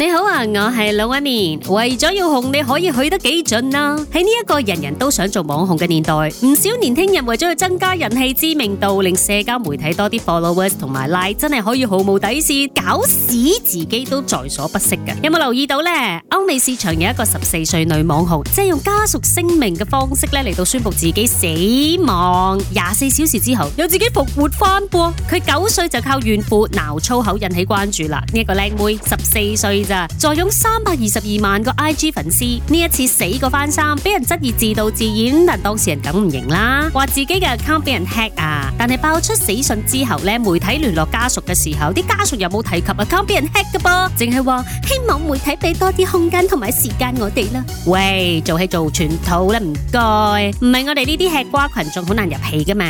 你好啊，我係 Melody。為咗要紅，你可以去得幾盡啦、啊。喺呢一個人人都想做網紅嘅年代，唔少年輕人為咗去增加人氣知名度，令社交媒體多啲 followers 同埋 like，真係可以毫無底線，搞死自己都在所不惜嘅。有冇留意到呢？歐美市場有一個十四歲女網紅，即係用家屬聲明嘅方式咧嚟到宣布自己死亡，廿四小時之後又自己復活翻噃。佢九歲就靠炫富鬧粗口引起關注啦。呢、這個靚妹十四歲。咋？坐擁三百二十二萬個 IG 粉絲，呢一次死過翻生，俾人質疑自導自演，但當事人梗唔認啦，話自己嘅 account 俾人 hack 啊！但係爆出死訊之後咧，媒體聯絡家屬嘅時候，啲家屬又冇提及 account 俾人 hack 嘅噃，淨係話希望媒體俾多啲空間同埋時間我哋啦。喂，做戲做全套啦，唔該，唔係我哋呢啲吃瓜群眾好難入戲㗎嘛？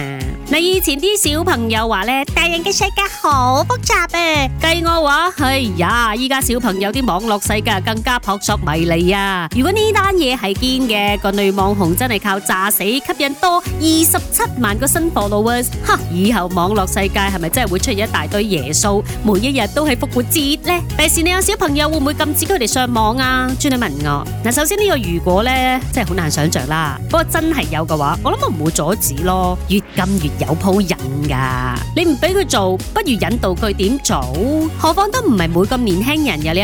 嗱，以前啲小朋友話咧，大人嘅世界好複雜啊，計我話，哎呀，依家小朋友。有啲網絡世界更加撲朔迷離啊！如果呢單嘢係堅嘅，個女網紅真係靠詐死吸引多二十七萬個新 followers，吓以後網絡世界係咪真係會出現一大堆耶穌，每一日都係復活節呢？第時你有小朋友會唔會禁止佢哋上網啊？專你問我嗱，首先呢個如果呢，真係好難想象啦。不過真係有嘅話，我諗我唔會阻止咯。越禁越有鋪引噶，你唔俾佢做，不如引導佢點做？何況都唔係每個年輕人有呢